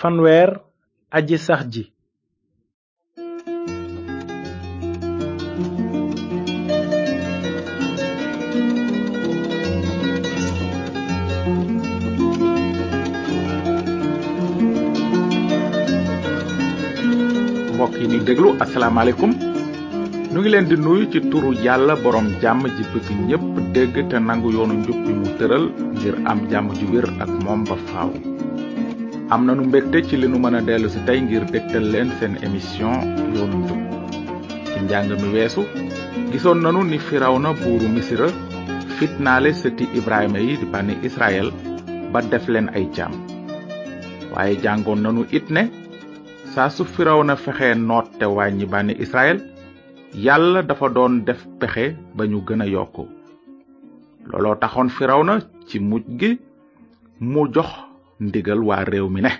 fanweer aji ji mbokk yi ni déglu asalaamaaleykum nu ngi leen di nuyu ci turu yàlla borom jàmm ji bëgg ñépp dégg te nangu yoonu njub mu tëral ngir am jàmm ju ak moom ba faaw am na nanu mbégte ci li nu mën a dellu si tey ngir dégtal leen seen émission yoonu njub ci njàng mi weesu gisoon nanu ni firawna buuru misira fitnaale sëti ibrahima yi di bànni israel ba def leen ay jaam waaye jàngoon nanu it ne saa su na fexe noot te wàññi bànni israel yàlla dafa doon def pexe ba ñu gën a yokk looloo taxoon firawna ci mujj gi mu jox ndigal waa réew mi ne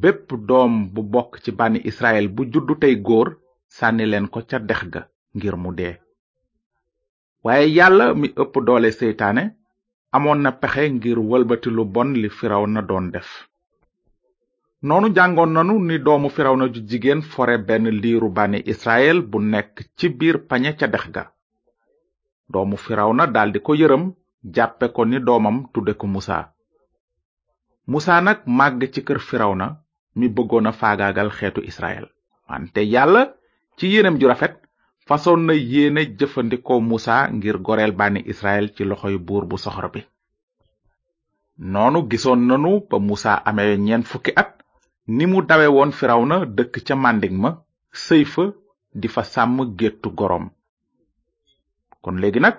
bépp doom bu bokk ci bànni israel bu juddu tey góor sànni leen ko ca dex ga ngir mu dee waaye yàlla mi ëpp doole seytaane amoon na pexe ngir wëlbati lu bon li firaw na doon def noonu jàngoon nanu ni doomu firaw na ju jigéen fore benn liiru bànni israel bu nekk ci biir pañe ca dex ga doomu firaw na daldi ko yërëm jàppe ko ni doomam tudde ko musa musa nag màgg ci kër na mi bëggoon a faagaagal xeetu israel wante yàlla ci yéenam ju rafet fasoon na yéene jëfandikoo musa ngir goreel bànni israel ci loxo loxoy buur bu soxor bi noonu gisoon nanu ba musa amee ñeent fukki at ni mu dawe woon na dëkk ca màndig ma sëy fa di fa sàmm géttu goroom kon léegi nag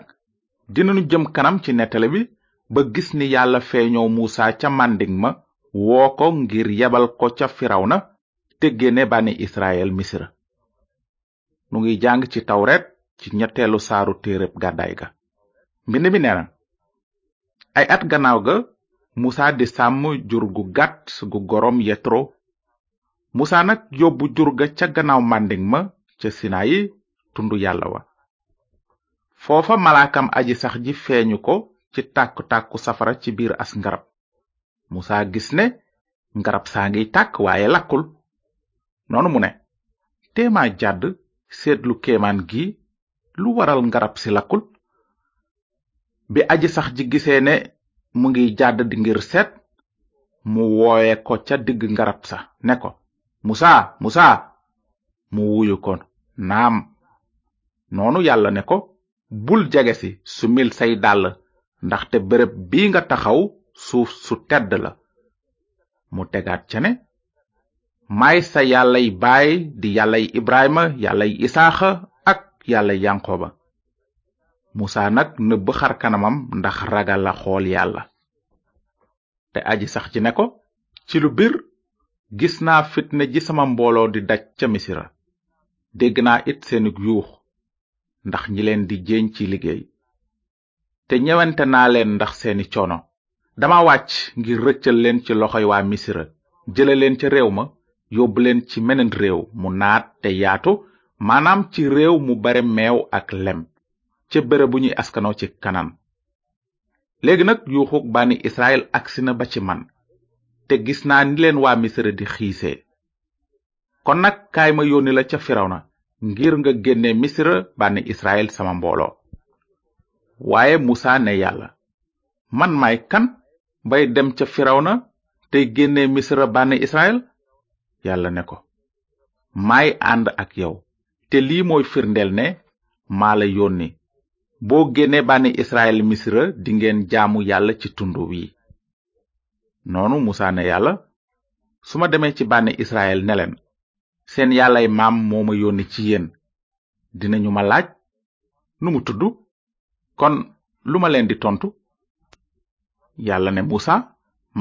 dinanu jëm kanam ci nettale bi ba gis ni yàlla feeñoo muusa ca mànding ma woo ko ngir yebal ko ca firawna te génne bànni israel misra nu ngi jàng ci tawret ci ñetteelu saaru téereb gàddaay ga mbind mi nee ay at gannaaw ga muusa di sàmm jur gu gàtt gu gorom yetro muusa nag yóbbu jur ga ca gannaaw màndiŋ ma ca sinaayi tundu yàlla wa foofa malaakam aji sax ji feeñu ko ci tàkku-tàkku safara ci biir as ngarab musa gis ne ngarab saa ngiy tàkk waaye lakkul noonu mu ne teema jàdd seetlu kéemaan gi lu waral ngarab si lakkul bi aji sax ji gisee ne mu ngi jàdd di ngir seet mu wooye ko ca digg ngarab sa ne ko musa musa mu wuyu ko naam noonu yàlla ne ko bul jege si sumil say dàll ndaxte bërëb bii nga taxaw suuf su tedd la mu tegaat ca ne maay sa yàllay baay di yàllay ibrahima yàllay isaaxa ak yàllay yanqoba musa nag nëbb xar kanamam ndax ragal la xool yàlla te aji sax ci ne ko ci lu bir gis naa fitne ji sama mbooloo di daj ca misira dégg naa it seenug yuux ndax ñi leen di jéeñ ci liggéey te ñewante naa leen ndax seeni coono dama wàcc ngir rëccal leen ci loxoy waa misira jële leen ca réew ma yóbbuleen ci meneen réew mu naat te yaatu maanaam ci réew mu bare meew ak lem ca bërëb bu ñuy askanoo ci kanam léegi nag yuuxuk bànni israel agsi na ba ci man te gis naa ni leen waa misira di xiisee kon nag kaay ma yónni la ca firaw na ngir nga génne misira bànni israel sama mbooloo waaye musa ne yàlla man may kan bay dem ca na te génne misra bànni israel yàlla ne ko may ànd ak yow te lii mooy firndeel ne maa la yónni boo génne bànni israel misra dingeen jaamu yàlla ci tund wi noonu musa ne yàlla su ma demee ci bànn israel ne seen yàllay maam moo ma yónni ci yéen dinañu ma laaj nu tudd kon lu ma leen di tontu yàlla ne musa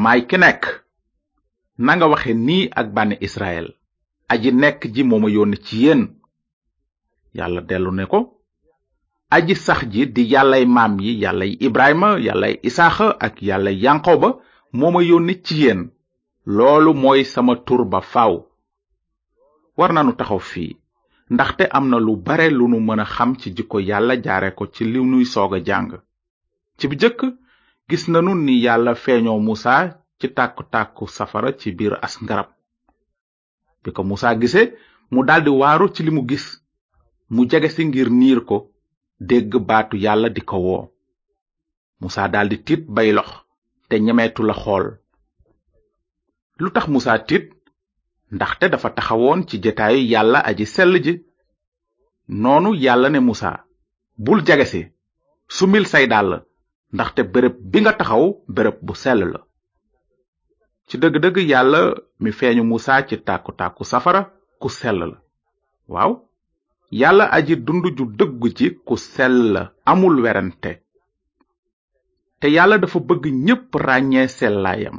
may ki nekk nanga waxe nii ak bànni israel aji nekk ji mooma yónni ci yéen yàlla dellu ne ko aji sax ji di yàllay maam yi yàllay ibrahima yàllay isaaxa ak yàllay yanqoba mooma yónni ci yéen loolu mooy sama tur ba faaw war nanu taxaw fii ndaxte am na lu bare lu nu mën a xam ci jikko yàlla jaare ko ci li nuy soog a jàng ci bi jëkk gis nanu ni yàlla feeñoo musa ci tàkku-tàkku safara ci biir as ngarab bi ko musa gise mu daldi waaru ci li mu gis mu jege si ngir niir ko dégg baatu yàlla di ko woo musa daldi tiit bay lox te ñemeetu la xool lu tax musa tiit ndaxte dafa taxawoon ci jetaayu yàlla aji sell ji noonu yàlla ne musa bul jegesi sumil say dàll ndaxte bërëb bi nga taxaw bërëb bu sell la ci dëgg-dëgg yàlla mi feeñu musa ci tàkku-tàkku safara ku sell la waaw yàlla aji dund ju dëggu ji ku sell la amul werante te yàlla dafa bëgg ñépp ràññee sellaayam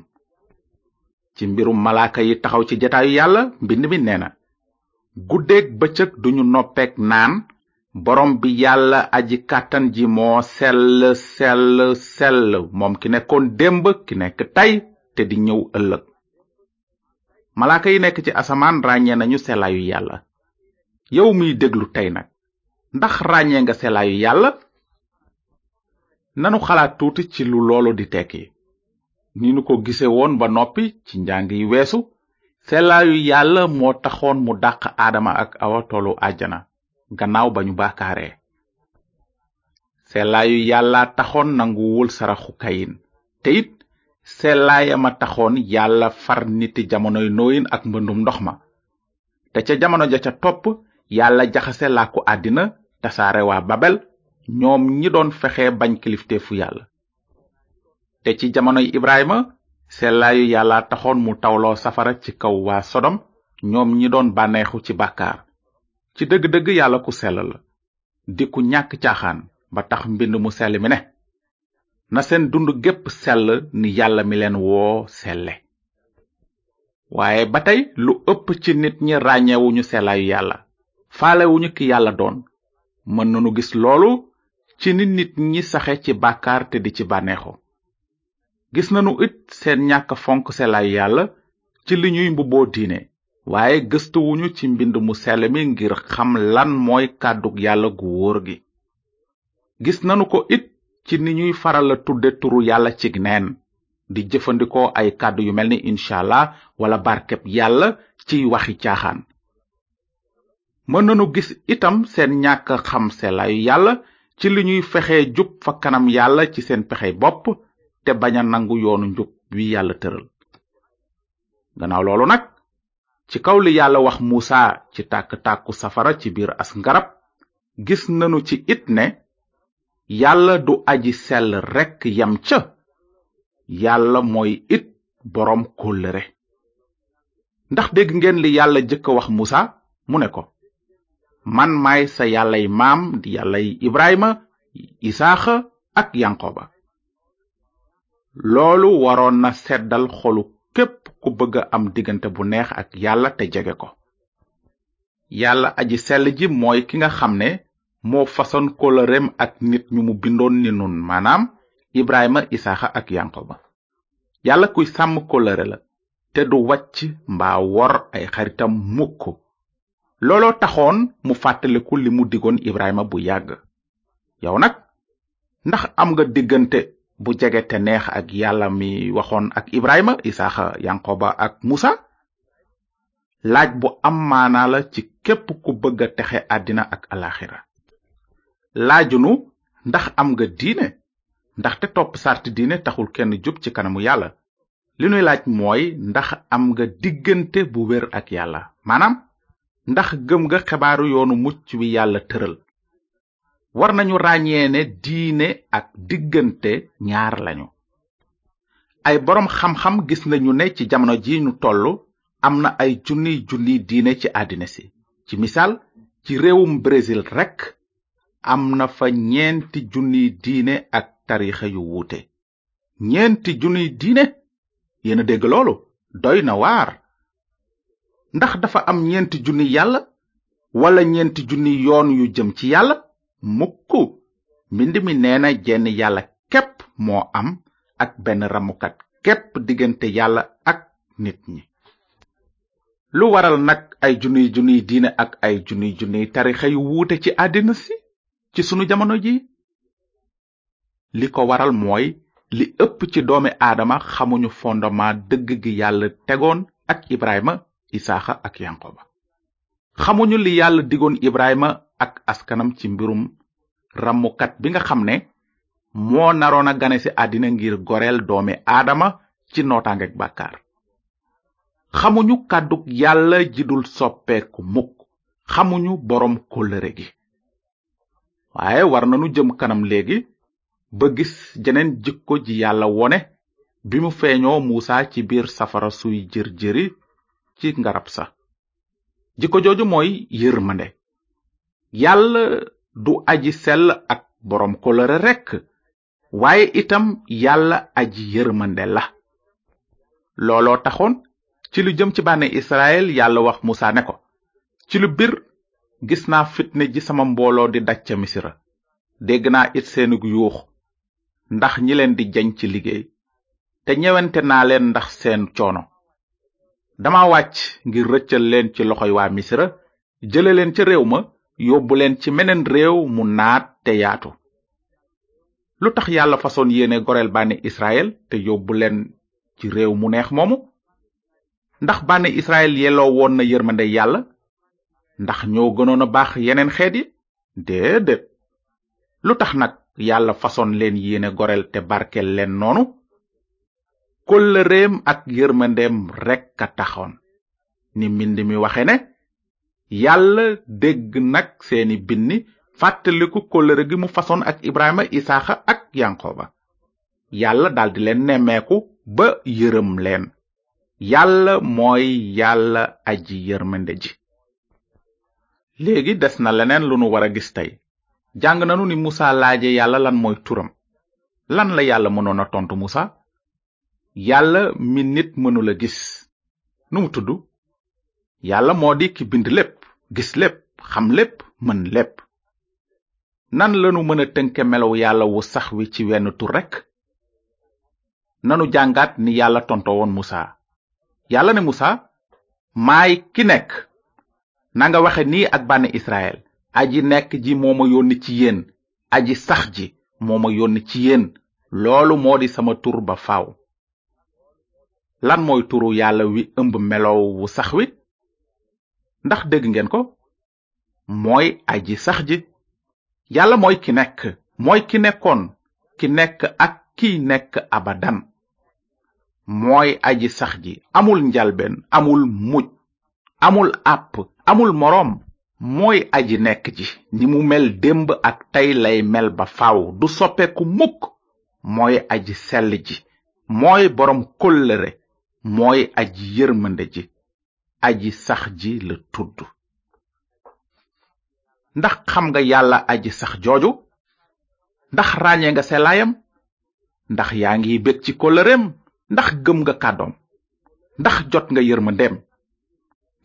ci mbirum malaaka yi taxaw ci jataayu yàlla mbind mi nee na guddeeg bëccëg duñu noppeek naan borom bi yàlla aji kàttan ji moo sell sell sell moom ki nekkoon démb ki nekk tey te di ñëw ëllëg malaaka yi nekk ci asamaan ràññee nañu selaayu yàlla yow mi déglu tey nag ndax ràññee nga selaayu yàlla nanu xalaat tuuti ci lu loolu di tekki ni nu ko gise woon ba noppi ci njàng yi weesu sellaayu yàlla moo taxoon mu dàq aadama ak awa tollu àjjana gannaaw ba ñu bàkkaaree sellaayu yàlla taxoon nanguwul saraxu kayin te it sellaayama taxoon yàlla far niti jamonoy nooyin ak mbëndum ndox ma te ca jamono ja ca topp yàlla jaxase làkku àddina tasaare wa babel ñoom ñi doon fexe bañ kilifteefu yàlla te ci jamonoy ibraayima sellaayu yàlla taxoon mu tawloo safara ci kaw waa sodom ñoom ñi doon bànneexu ci bàkkaar ci dëgg-dëgg yàlla ku sell la di ku ñàkk caaxaan ba tax mbind mu sell mi ne na seen dund gépp sell ni yàlla mi leen woo selle waaye ba tey lu ëpp ci nit ñi ràññewuñu sellaayu yàlla faalewuñu ki yàlla doon mën nanu gis loolu ci ni nit ñi saxe ci bàkkaar te di ci bànneexu gis nanu it seen ñàkk fonk selay yàlla ci li ñuy mbubboo diine waaye gëstuwuñu ci mbind mu sell ngir xam lan mooy kàddug yàlla gu wóor gi gis nanu ko it ci ni ñuy farala tudde turu yàlla cig neen di jëfandikoo ay kàddu yu mel ni inshallah wala barkeb yàlla ci waxi caaxaan mën nanu gis itam seen ñàkk xam selaayu yàlla ci li ñuy fexe jub fa kanam yàlla ci seen pexey bopp te bañ a nangu yoonu njub wi yàlla tëral gannaaw loolu nag ci kaw li yàlla wax muusa ci tàkk-tàkku safara ci biir as ngarab gis nanu ci it ne yàlla du aji sell rekk yam ca yàlla mooy it boroom kóllëre ndax dégg ngeen li yàlla jëkk wax muusa mu ne ko man maay sa yàllay maam di yàllay ibrahima isaaxa ak yanqoba loolu waroon na seddal xolu képp ku bëgg a am diggante bu neex ak yàlla te jege ko yàlla aji sell ji mooy ki nga xam ne moo fasoon kóllëreem ak nit ñu mu bindoon ni nun maanaam ibrahima isaaxa ak ba yàlla kuy sàmm kóllëre la te du wàcc mbaa wor ay xaritam mukk looloo taxoon mu fàttaliku li mu digoon ibrahima bu yàgg yow nag ndax am nga diggante bu jege te neex ak yàlla mi waxoon ak ibrahima isaaxa yankoba ak musa laaj bu am maanaa la ci képp ku bëgg a texe àddina ak alaxira laajunu ndax am nga diine ndaxte topp sart diine taxul kenn jub ci kanamu yàlla li nuy laaj mooy ndax am nga diggante bu wér ak yàlla maanaam ndax gëm nga xebaaru yoonu mucc wi yàlla tëral war nañu ràññee ne diine ak diggante ñaar lañu ay boroom xam-xam gis nañu ne ci jamono ji ñu toll am na ay junni junni diine ci àddina si ci misaal ci réewum Brésil rekk am na fa ñeenti junniy diine ak tarixa yu wuute ñeenti junniy diine yenn dégg loolu doy na waar ndax dafa am ñeenti junni yàlla wala ñeenti junni yoon yu jëm ci yàlla mukk mbind mi neena jenn yàlla képp moo am ak benn ramukat képp diggante yàlla ak nit ñi lu waral nag ay junniy junniy diine ak ay junniy junniy tarixa yu wuute ci àddina si ci sunu jamono ji li ko waral mooy li ëpp ci doomi aadama xamuñu fondement dëgg gi yàlla tegoon ak ibrahima isaaxa ak yankoba xamuñu li yàlla digoon ibrahima ak askanam ci mbirum ramukat bi nga xam ne moo naroon a gane ci àddina ngir goreel doomi aadama ci nootaangeeg bàkkaar xamuñu kàddug yàlla ji dul soppeeku mukk xamuñu boroom kóllëre gi waaye war nañu jëm kanam léegi ba gis jeneen jikko ji yàlla wone bi mu feeñoo muusa ci biir safara suy jër jëri ci ngarab sa jikko jooju mooy yërmande yàlla du aji sell ak boroom kolëre rekk waaye itam yàlla aji yërmande la looloo taxoon ci lu jëm ci bànne israel yàlla wax musa ne ko ci lu bir gis naa fitne ji sama mbooloo di daj ca misira dégg naa it seenug yuux ndax ñi leen di jañ ci liggéey te ñewente naa leen ndax seen coono dama wàcc ngir rëccal leen ci loxoy waa misira jële leen ca réew ma yóbbu leen ci meneen réew mu naat te yaatu lu tax yàlla fason yéene goreel banni israel te yóbbu ci réew mu neex moomu ndax bànni israel yelloo woon na yërmande yàlla ndax ñoo gënoon a baax yeneen xeet yi lu tax nag yàlla fasoon leen yéene goreel te barkel leen noonu kóllëreem ak yërmandeem rekk a taxoon ni mbind mi waxe ne yàlla dégg nag seeni binni fàttaliku kóllëre gi mu fasoon ak ibrahima isaaxa ak yankoba yàlla daldi leen nemmeeku ba yërëm leen yàlla mooy yàlla aji yërmande ji léegi des na leneen lu nu war a gis tey jàng nanu ni musa laaje yàlla lan mooy turam lan la yàlla mënoon a tontu musa yàlla mi nit mënula gis nu mu tudd yàlla moo di ki bind lépp gis lépp xam lépp mën lépp nan lanu mën a tënke melow yàlla wu sax wi ci wenn tur rekk nanu jàngaat ni yàlla tonto woon musa yàlla ne musa maay ki nekk nanga waxe nii ak bànne israel aji nekk ji moo ma yónni ci yéen aji sax ji moo ma yónni ci yéen loolu moo di sama tur ba faaw lan mooy turu yàlla wi ëmb melow wu sax wi ndax dégg ngeen ko mooy aji sax ji yàlla mooy ki nekk mooy ki nekkoon ki nekk ak ki nekk abadan mooy aji sax ji amul njalbeen amul mujj amul àpp amul moroom mooy aji nekk ji ni mu mel démb ak tey lay mel ba faaw du soppeeku mukk mooy aji sell ji mooy boroom kóllëre mooy aji yërmande ji aji sax ji la tudd ndax xam nga yàlla aji sax jooju ndax ràññee nga selaayam ndax yaa ngi bég ci kóllëreem ndax gëm nga kàddoom ndax jot nga yërmandeem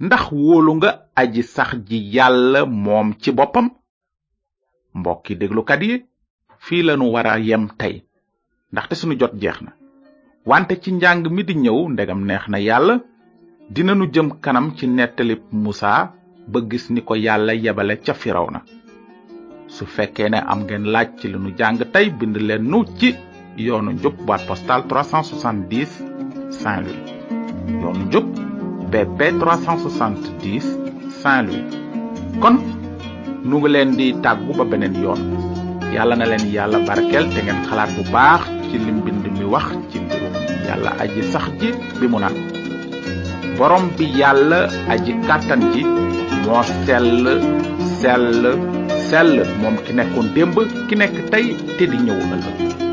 ndax wóolu nga aji sax ji yàlla moom ci boppam mbokki déglukat yi fii lanu war a yem tey ndaxte sunu jot jeex na wante ci njàng mi di ñëw ndegam neex na yàlla dina dinanu jëm kanam ci nettalib musa ba gis ni ko yàlla yebale ca na su fekkee ne am ngeen laaj ci li nu jàng tey bind leen nu ci yoonu njub boîte postale 370 Saint-Louis yoonu njub BP 370 kon nu ngi leen di tàggu ba beneen yoon yàlla na leen yàlla barkeel te ngeen xalaat bu baax ci li mbind mi wax ci mbirum yàlla aji sax ji bi mu naan borom bi yàlla aji kàttan ji moo sell sell sell moom ki nekkoon démb ki nekk tey te di ñëw ëllëg